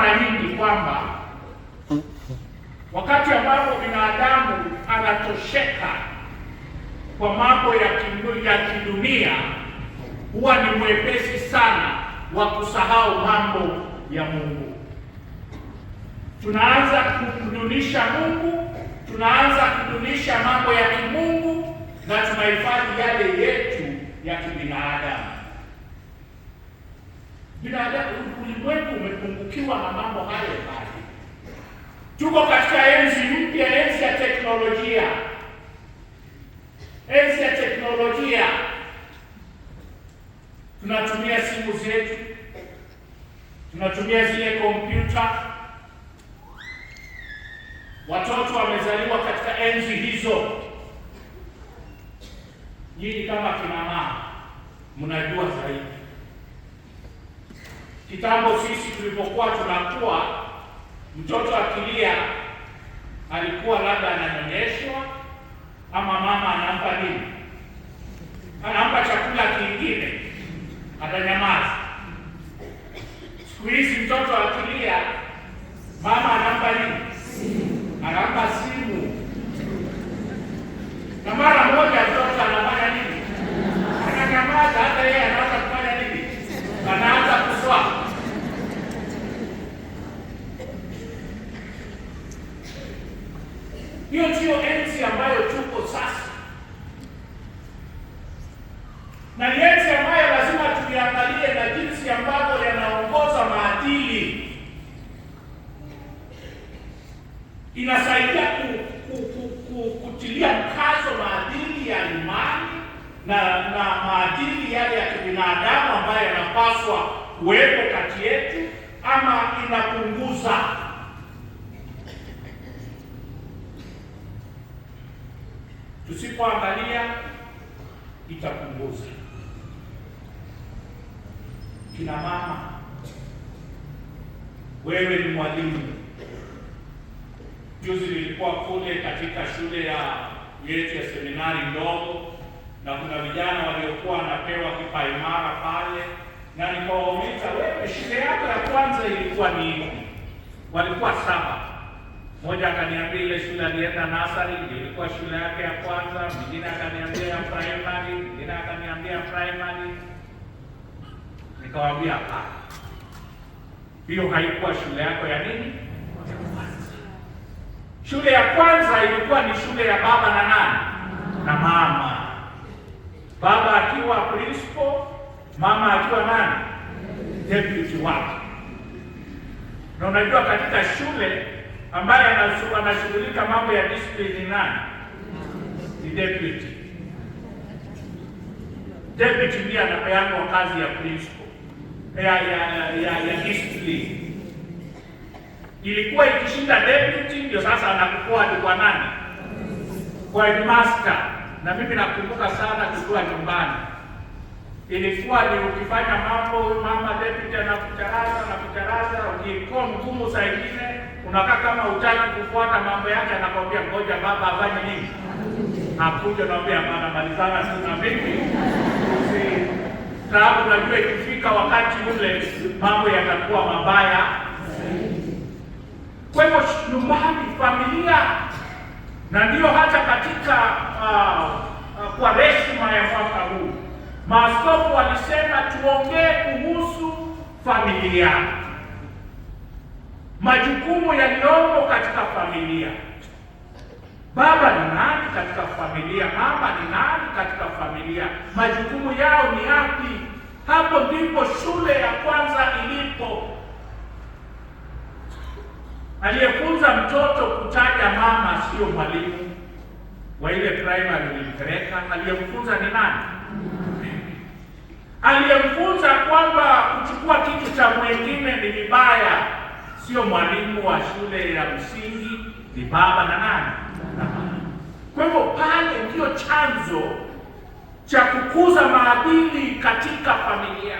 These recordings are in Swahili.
Mara nyingi kwamba wakati ambapo binadamu anatosheka kwa mambo ya kidunia, huwa ni mwepesi sana wa kusahau mambo ya Mungu. Tunaanza kudunisha Mungu, tunaanza kudunisha mambo ya kimungu na tunahifadhi yale yetu ya kibinadamu. Binadamu, ulimwengu umepungukiwa na mambo hayo mbaya. Tuko katika enzi mpya, enzi ya teknolojia, enzi ya teknolojia. Tunatumia simu zetu, tunatumia zile kompyuta. Watoto wamezaliwa katika enzi hizo. Nyinyi kama kina mama mnajua zaidi Kitambo sisi tulipokuwa tunakuwa, mtoto akilia alikuwa labda ananyonyeshwa ama mama anampa nini, anampa chakula kingine, atanyamaza. Siku hizi mtoto akilia, mama anampa nini? Anampa na ni yenzi ambayo lazima tuliangalie na jinsi ambavyo yanaongoza maadili, inasaidia ku, ku, ku, ku, kutilia mkazo maadili ya imani na na maadili yale ya kibinadamu ambayo yanapaswa kuwepo kati yetu, ama inapunguza tusipoangalia itapunguza kina mama, wewe ni mwalimu. Juzi nilikuwa kule katika shule ya yetu ya seminari ndogo, na kuna vijana waliokuwa wanapewa kipaimara pale, na nikawauliza, wewe shule yako ya kwanza ilikuwa ni ipi? Walikuwa saba. Mmoja akaniambia ile shule alienda nasari ilikuwa shule yake ya kwanza, mwingine akaniambia ya primary, mwingine akaniambia primary Nikamwambia hapana, hiyo haikuwa shule yako ya nini ya kwanza. Shule ya kwanza ilikuwa ni shule ya baba na nani na mama, baba akiwa principal, mama akiwa nani deputy wake. Na unajua katika shule ambaye anashughulika mambo ya discipline ni nani? Ni deputy. Deputy ndiye anapeana kazi ya principal ya ya ya ya history ilikuwa ikishinda deputy, ndio sasa anakuwa ni kwa nani, kwa headmaster. Na mimi nakumbuka sana tukiwa nyumbani, ilikuwa ni ukifanya mambo, mama deputy anakucharaza na kucharaza, ukikuwa mgumu saa ingine unakaa kama utaki kufuata mambo yake, anakwambia ngoja baba afanye nini, nakuja naambia hapana, malizana sana vipi, mimi sababu unajua ikifika wakati ule mambo yatakuwa mabaya Kwa hivyo nyumbani, familia, na ndiyo hata katika uh, ah, uh, ah, heshima ya mwaka huu maaskofu walisema tuongee kuhusu familia, majukumu yaliyomo katika familia. Baba ni nani katika familia? Mama ni nani katika familia? Majukumu yao ni yapi? Hapo ndipo shule ya kwanza ilipo. Aliyefunza mtoto kutaja mama sio mwalimu wa ile primary nilimpeleka. Aliyemfunza ni nani? Aliyemfunza kwamba kuchukua kitu cha mwingine ni vibaya sio mwalimu wa shule ya msingi, ni baba na nani? Kwa hivyo pale ndiyo chanzo cha kukuza maadili katika familia,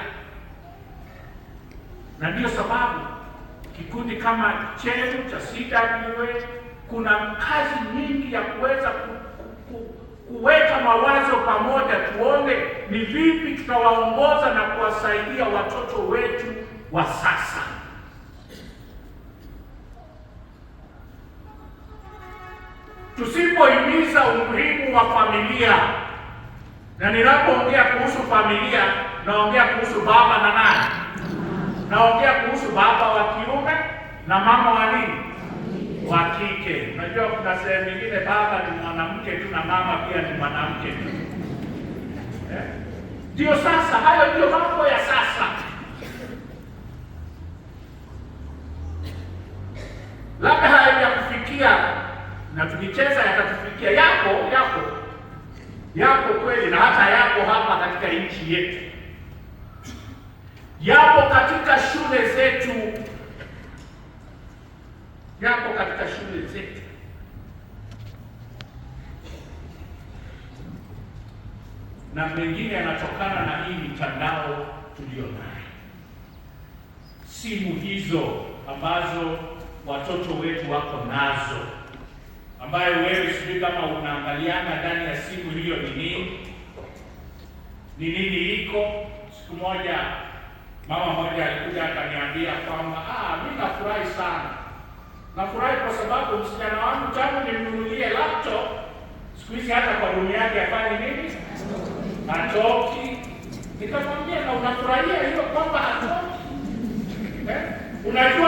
na ndiyo sababu kikundi kama chenu cha CWA kuna kazi nyingi ya kuweza kuweka mawazo pamoja, tuone ni vipi tutawaongoza na kuwasaidia watoto wetu wa sasa. Tusipohimiza umuhimu wa familia na ninapoongea kuhusu familia, naongea kuhusu baba na nani? Naongea kuhusu baba wa kiume na mama wa nini? Wa kike. Unajua kuna sehemu nyingine baba ni mwanamke tu na mama pia ni mwanamke tu. Eh? Ndio eh? Sasa hayo ndio mambo ya sasa. Labda haya ya kufikia na tukicheza yatatufikia yapo kweli na hata yapo hapa katika nchi yetu, yapo katika shule zetu, yapo katika shule zetu. na mengine yanatokana na hii mitandao tuliyonayo, nayo, simu hizo ambazo watoto wetu wako nazo ambayo wewe sijui kama unaangaliana ndani ya siku hiyo ni nini, ni nini iko. Siku moja mama moja alikuja akaniambia kwamba ah, mimi nafurahi sana, nafurahi kwa sababu msichana wangu tangu nimnunulie laptop, siku hizi hata kwa room yake afanye nini, atoki. Nikamwambia na unafurahia hiyo kwamba atoki eh? unajua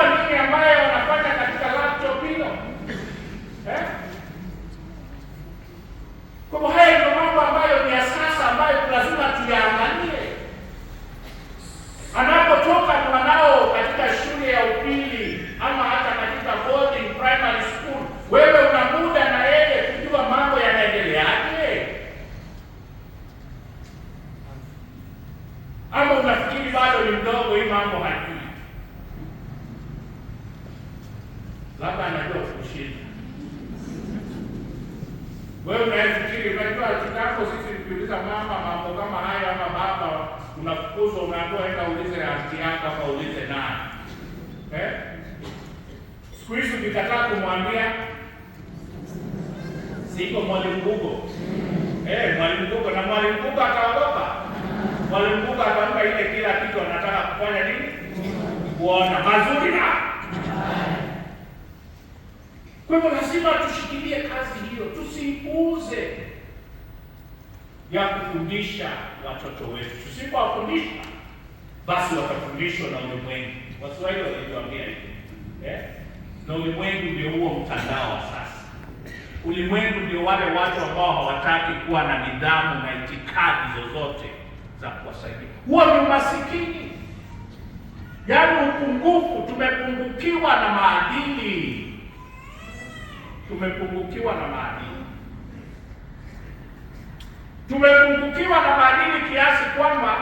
ukiuliza mama mambo kama haya ama baba, unafukuzwa, unaambiwa enda ulize aunti yako ama ulize nani. Eh, siku hizi ukikataa kumwambia siko mwalimu Google eh, mwalimu Google na mwalimu Google ataogopa. Mwalimu Google atampa ile kila kitu anataka kufanya nini, kuona mazuri na kwa hivyo lazima tushikilie kazi hiyo, tusipuuze ya kufundisha watoto wetu. Tusipowafundisha basi watafundishwa na ulimwengu. Waswahili walituambia hivi eh? Na ulimwengu ndio huo mtandao sasa. Ulimwengu ndio wale watu ambao hawataki kuwa na nidhamu na itikadi zozote za kuwasaidia. Huo ni umasikini, yaani upungufu. Tumepungukiwa na maadili, tumepungukiwa na maadili Tumepungukiwa na maadili kiasi kwamba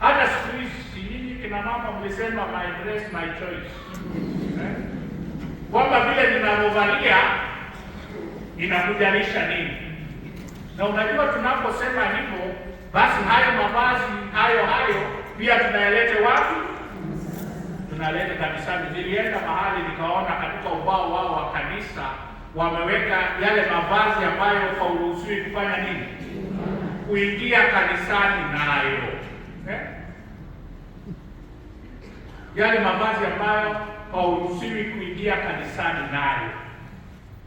hata siku hizi nyinyi kina mama mlisema my dress my choice, eh? kwamba vile ninavyovalia inakujalisha nini? Na unajua tunaposema hivyo, basi hayo mavazi hayo hayo pia tunayalete wapi? tunalete kanisani. Nilienda mahali nikaona katika ubao wao wa kanisa wameweka yale mavazi ambayo hauruhusiwi kufanya nini kuingia kanisani nayo eh? Yale mavazi ambayo hauruhusiwi kuingia kanisani nayo,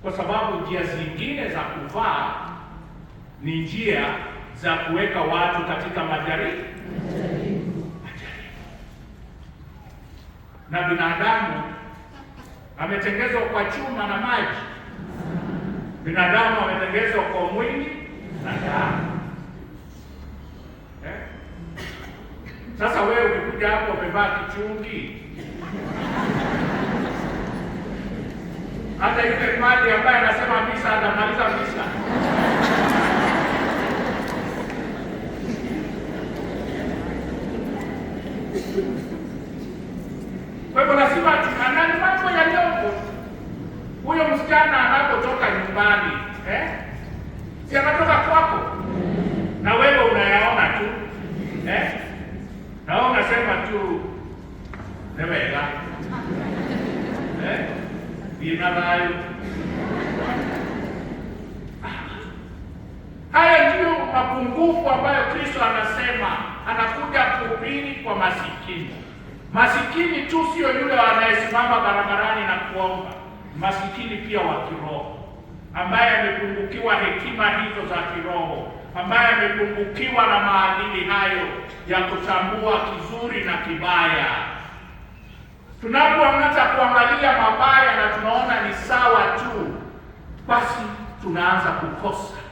kwa sababu njia zingine za kuvaa ni njia za kuweka watu katika majaribu na binadamu ametengezwa kwa chuma na maji, binadamu ametengezwa kwa mwili na damu. Sasa wewe ukikuja hapo umevaa kichungi hata yule mali ambaye anasema misa anamaliza misa. Kwa hivyo lazima tuangalie mambo yaliyopo. Huyo msichana anapotoka nyumbani eh, si anatoka kwako na wewe watu neweka eh, vinalayo haya ndiyo mapungufu ambayo Kristo anasema anakuja kuhubiri kwa masikini. Masikini tu sio yule anayesimama barabarani na kuomba, masikini pia wa kiroho ambaye amepungukiwa hekima hizo za kiroho ambaye amepungukiwa na maadili hayo ya kutambua kizuri na kibaya. Tunapoanza kuangalia mabaya na tunaona ni sawa tu, basi tunaanza kukosa